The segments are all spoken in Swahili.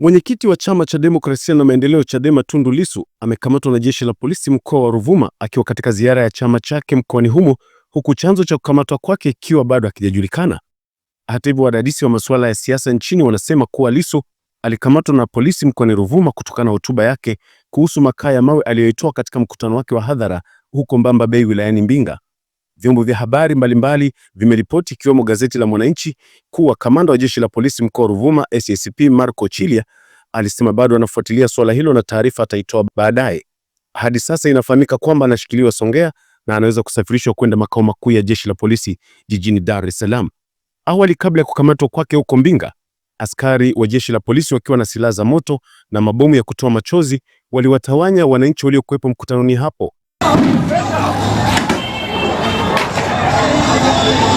Mwenyekiti wa chama cha demokrasia na maendeleo Chadema Tundu Lissu amekamatwa na jeshi la polisi mkoa wa Ruvuma akiwa katika ziara ya chama chake mkoani humo, huku chanzo cha kukamatwa kwake ikiwa bado hakijajulikana. Hata hivyo, wadadisi wa masuala ya siasa nchini wanasema kuwa Lissu alikamatwa na polisi mkoani Ruvuma kutokana na hotuba yake kuhusu makaa ya mawe aliyoitoa katika mkutano wake wa hadhara huko Mbamba Bay wilayani Mbinga. Vyombo vya habari mbalimbali vimeripoti ikiwemo gazeti la Mwananchi kuwa kamanda wa jeshi la polisi mkoa wa Ruvuma SACP Marco Chilia alisema bado anafuatilia swala hilo na taarifa ataitoa baadaye. Hadi sasa inafahamika kwamba anashikiliwa Songea na anaweza kusafirishwa kwenda makao makuu ya jeshi la polisi jijini Dar es Salaam. Awali, kabla ya kukamatwa kwake huko Mbinga, askari wa jeshi la polisi wakiwa na silaha za moto na mabomu ya kutoa machozi waliwatawanya wananchi waliokuwepo mkutanoni hapo. Thank you.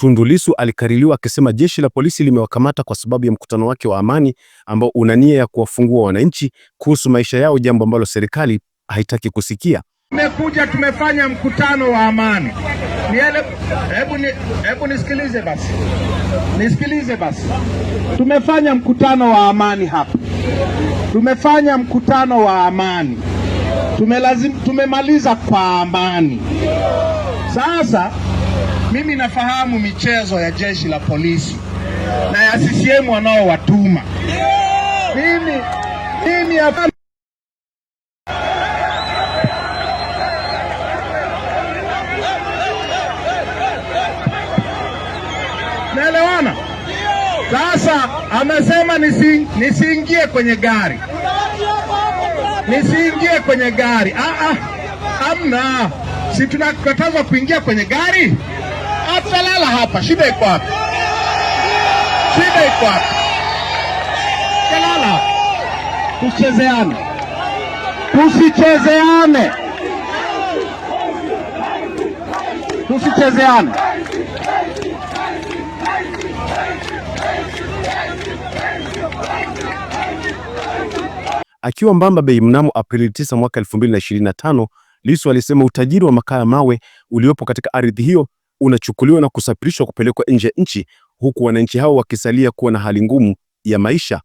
Tundu Lissu alikaririwa akisema jeshi la polisi limewakamata kwa sababu ya mkutano wake wa amani ambao una nia ya kuwafungua wananchi kuhusu maisha yao, jambo ambalo serikali haitaki kusikia. Tumekuja tumefanya mkutano wa amani. Hebu nisikilize basi, nisikilize basi. Tumefanya mkutano wa amani hapa, tumefanya mkutano wa amani, tumelazim, tumemaliza kwa amani. Sasa mimi nafahamu michezo ya jeshi la polisi na ya CCM wanaowatuma mimi, mimi naelewana. Sasa amesema nisiingie kwenye gari, nisiingie kwenye gari. Ah, ah, amna, si tunakatazwa kuingia kwenye gari? atalala hapa. Shida iko wapi? Shida iko wapi? Talala, tusichezeane, tusichezeane, tusichezeane. Akiwa Mbamba Bay mnamo Aprili 9 mwaka 2025, Lissu alisema utajiri wa makaa ya mawe uliopo katika ardhi hiyo unachukuliwa na kusafirishwa kupelekwa nje ya nchi, huku wananchi hao wakisalia kuwa na hali ngumu ya maisha.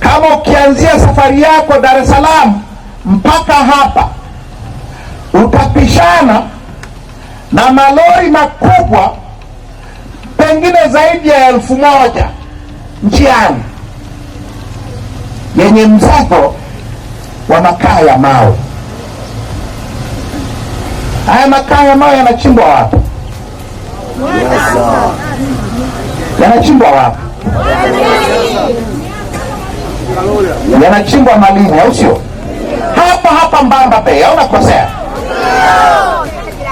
Kama ukianzia safari yako Dar es Salaam mpaka hapa, utapishana na malori makubwa pengine zaidi ya elfu moja njiani yenye mzigo wa makaa ya mawe. Haya makaa ya mawe yanachimbwa wapi? Yanachimbwa wapi? Yanachimbwa malini au sio? Hapa hapa Mbamba Bay, au nakosea?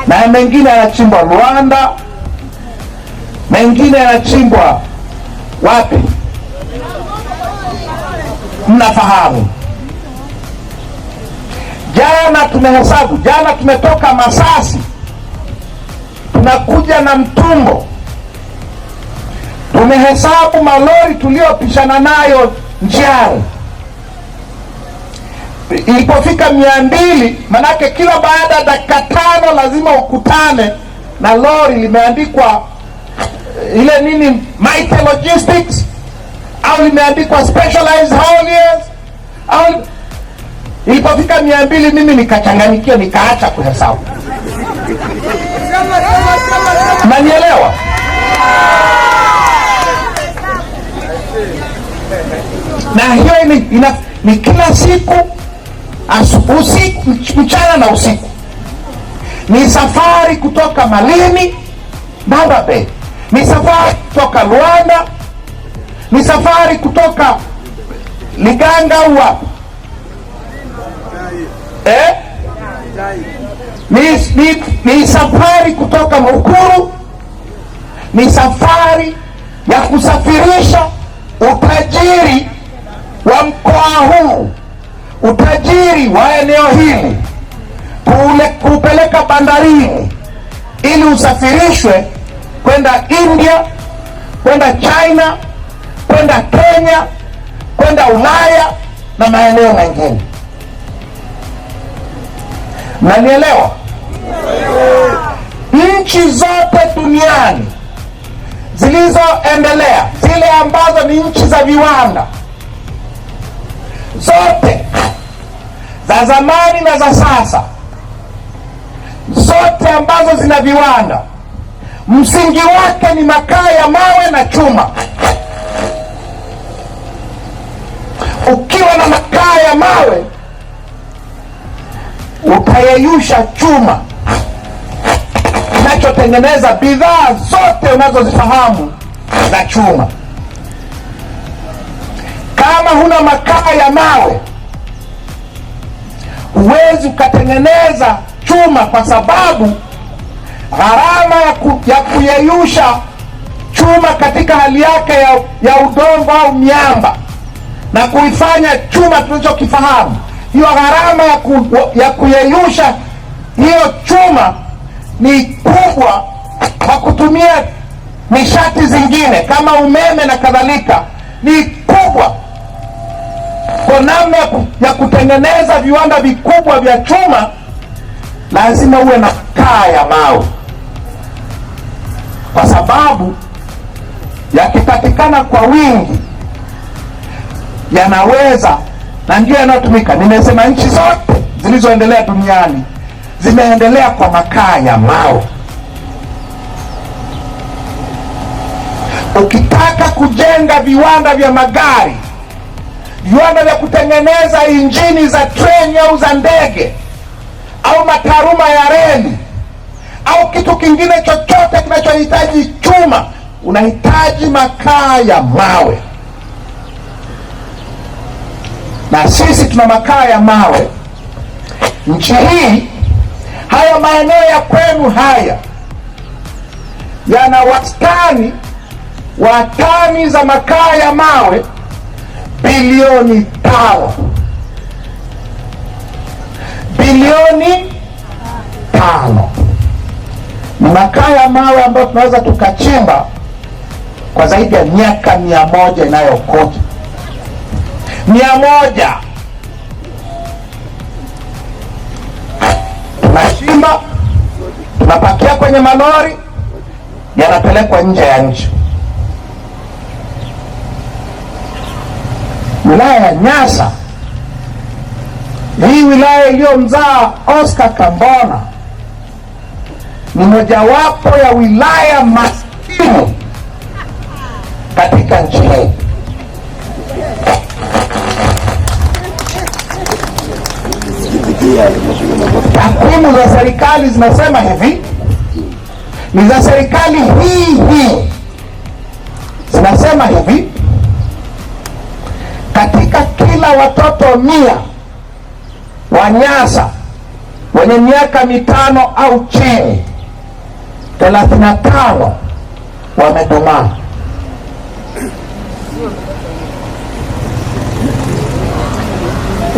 Na mengine yanachimbwa Rwanda, mengine yanachimbwa wapi? Mnafahamu Jana tumehesabu, jana tumetoka Masasi tunakuja na Mtumbo, tumehesabu malori tuliyopishana nayo njiani ilipofika mia mbili. Manake kila baada ya dakika tano lazima ukutane na lori limeandikwa eh, ile nini, Maite Logistics au limeandikwa Specialized Hauliers au Nilipofika mia mbili mimi nikachanganyikia, nikaacha kuhesabu. Nanielewa? na hiyo ni, ina, ni kila siku usiku, mchana na usiku. Ni safari kutoka Malini Mbamba ni safari kutoka Luanda, ni safari kutoka Liganga au eh? Ni, ni, ni safari kutoka Mukuru, ni safari ya kusafirisha utajiri wa mkoa huu, utajiri wa eneo hili kupeleka bandarini ili usafirishwe kwenda India, kwenda China, kwenda Kenya, kwenda Ulaya na maeneo mengine. Nanielewa? Nchi zote duniani zilizoendelea, zile ambazo ni nchi za viwanda, zote za zamani na za sasa, zote ambazo zina viwanda, msingi wake ni makaa ya mawe na chuma. Ukiwa na makaa ya mawe utayeyusha chuma kinachotengeneza bidhaa zote unazozifahamu za chuma. Kama huna makaa ya mawe, huwezi ukatengeneza chuma, kwa sababu gharama ya kuyeyusha chuma katika hali yake ya, ya udongo au miamba na kuifanya chuma tunachokifahamu hiyo gharama ya, ku, ya kuyeyusha hiyo chuma ni kubwa kwa kutumia nishati zingine kama umeme na kadhalika, ni kubwa kwa namna ya kutengeneza viwanda vikubwa vya chuma. Lazima uwe na kaa ya mawe, kwa sababu yakipatikana kwa wingi yanaweza na ndio inayotumika. Nimesema nchi zote zilizoendelea duniani zimeendelea kwa makaa ya mawe. Ukitaka kujenga viwanda vya magari, viwanda vya kutengeneza injini za treni au za ndege au mataruma ya reli au kitu kingine chochote kinachohitaji chuma, unahitaji makaa ya mawe. na sisi tuna makaa ya mawe nchi hii. Haya maeneo ya kwenu haya yana wastani wa tani za makaa ya mawe bilioni tano, bilioni tano ni makaa ya mawe ambayo tunaweza tukachimba kwa zaidi ya miaka mia moja inayokuja mia moja tunashimba, tunapakia kwenye malori, yanapelekwa nje ya nchi. Wilaya ya Nyasa, hii wilaya iliyomzaa Oscar Kambona, ni mojawapo ya wilaya maskimu katika nchi. takwimu za serikali zinasema hivi, ni za serikali hii hii zinasema hivi, katika kila watoto mia wanyasa wenye miaka mitano au chini, 35 wamedumaa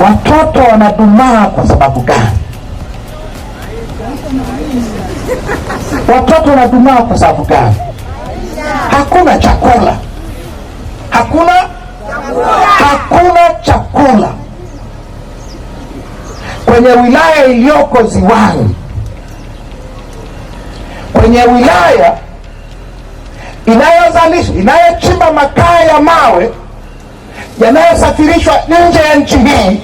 Watoto wanadumaa kwa sababu gani? Watoto wanadumaa kwa sababu gani? Hakuna chakula, hakuna hakuna chakula kwenye wilaya iliyoko ziwani, kwenye wilaya inayozalisha inayochimba makaa ya mawe yanayosafirishwa nje ya nchi hii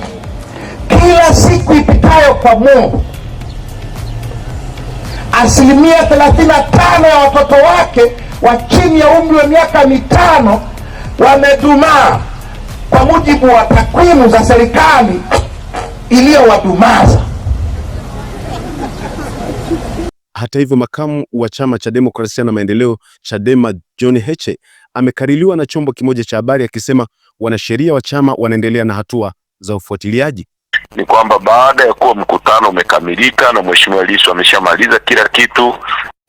kila siku ipitayo kwa Mungu asilimia 35 ya watoto wake wa chini ya umri wa miaka mitano wamedumaa, kwa mujibu wa takwimu za serikali iliyowadumaza. Hata hivyo, makamu wa chama cha demokrasia na maendeleo Chadema John Heche amekaririwa na chombo kimoja cha habari akisema wanasheria wa chama wanaendelea na hatua za ufuatiliaji ni kwamba baada ya kuwa mkutano umekamilika na Mheshimiwa Lissu ameshamaliza kila kitu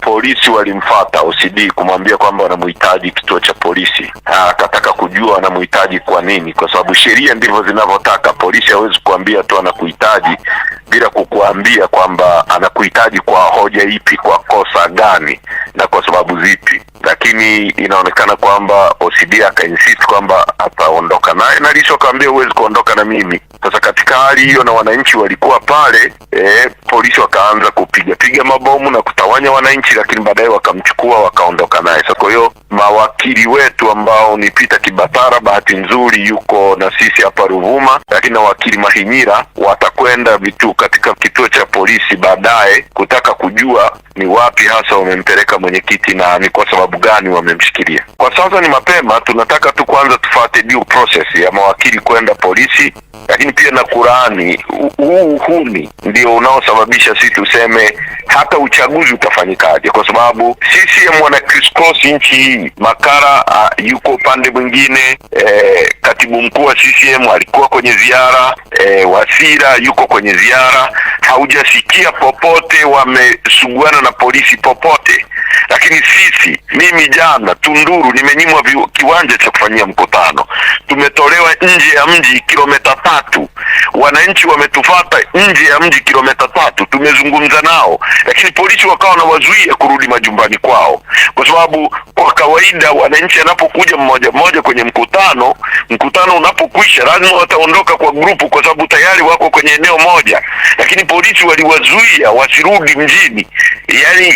Polisi walimfata OCD kumwambia kwamba wanamhitaji kituo cha polisi. Akataka kujua wanamhitaji kwa nini, kwa sababu sheria ndivyo zinavyotaka. Polisi hawezi kuambia tu anakuhitaji bila kukuambia kwamba anakuhitaji kwa hoja ipi, kwa kosa gani na kwa sababu zipi. Lakini inaonekana kwamba OCD akainsist kwamba ataondoka naye, na Lissu akamwambia huwezi kuondoka na mimi. Sasa katika hali hiyo na wananchi walikuwa pale, eh, polisi wakaanza kupiga piga mabomu na kutawanya wananchi nchi, lakini baadaye wakamchukua wakaondoka naye. Sasa kwa hiyo mawakili wetu ambao ni pita Kibatara, bahati nzuri yuko na sisi hapa Ruvuma, lakini na wakili Mahinyira watakwenda vitu katika kituo cha polisi baadaye kutaka kujua ni wapi hasa wamempeleka mwenyekiti na ni kwa sababu gani wamemshikilia. Kwa sasa ni mapema, tunataka tu kwanza tufuate due process ya mawakili kwenda polisi lakini pia na Qurani. Huu uhuni ndio unaosababisha sisi tuseme hata uchaguzi utafanyikaje, kwa sababu CCM wana crisscross nchi hii. Makara uh, yuko upande mwingine eh, katibu mkuu wa CCM alikuwa kwenye ziara eh, Wasira yuko kwenye ziara haujasikia popote wamesuguana na polisi popote, lakini sisi, mimi jana Tunduru nimenyimwa kiwanja cha kufanyia mkutano, tumetolewa nje ya mji kilomita tatu. Wananchi wametufata nje ya mji kilomita tatu, tumezungumza nao, lakini polisi wakawa na wazuia kurudi majumbani kwao, kwa sababu kwa kawaida wananchi anapokuja mmoja mmoja kwenye mkutano, mkutano unapokwisha lazima wataondoka kwa grupu, kwa sababu tayari wako kwenye eneo moja, lakini polisi waliwazuia wasirudi mjini. Yani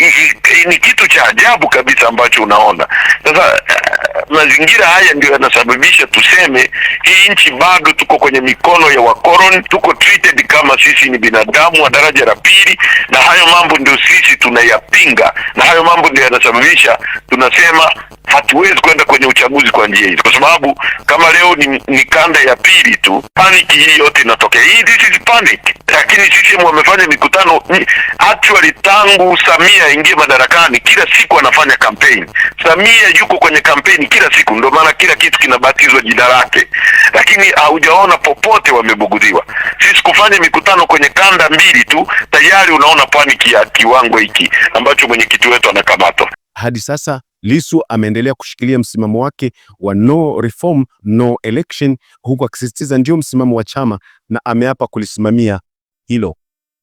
ni kitu cha ajabu kabisa ambacho unaona sasa. Eh, mazingira haya ndio yanasababisha tuseme hii nchi bado tuko kwenye mikono ya wakoloni, tuko treated kama sisi ni binadamu wa daraja la pili, na hayo mambo ndio sisi tunayapinga, na hayo mambo ndio yanasababisha tunasema hatuwezi kwenda kwenye uchaguzi kwa njia hizi, kwa sababu kama leo ni, ni kanda ya pili tu, panic hii yote inatokea. Hii this is panic, lakini sisi wamefanya mikutano actually, tangu Samia aingie madarakani, kila siku anafanya kampeni. Samia yuko kwenye kampeni kila siku, ndio maana kila kitu kinabatizwa jina lake, lakini haujaona popote wamebuguziwa. Sisi kufanya mikutano kwenye kanda mbili tu, tayari unaona pwani kia kiwango hiki ambacho mwenyekiti wetu anakamatwa hadi sasa. lisu ameendelea kushikilia msimamo wake wa no reform no election, huku akisisitiza ndio msimamo wa chama na ameapa kulisimamia hilo.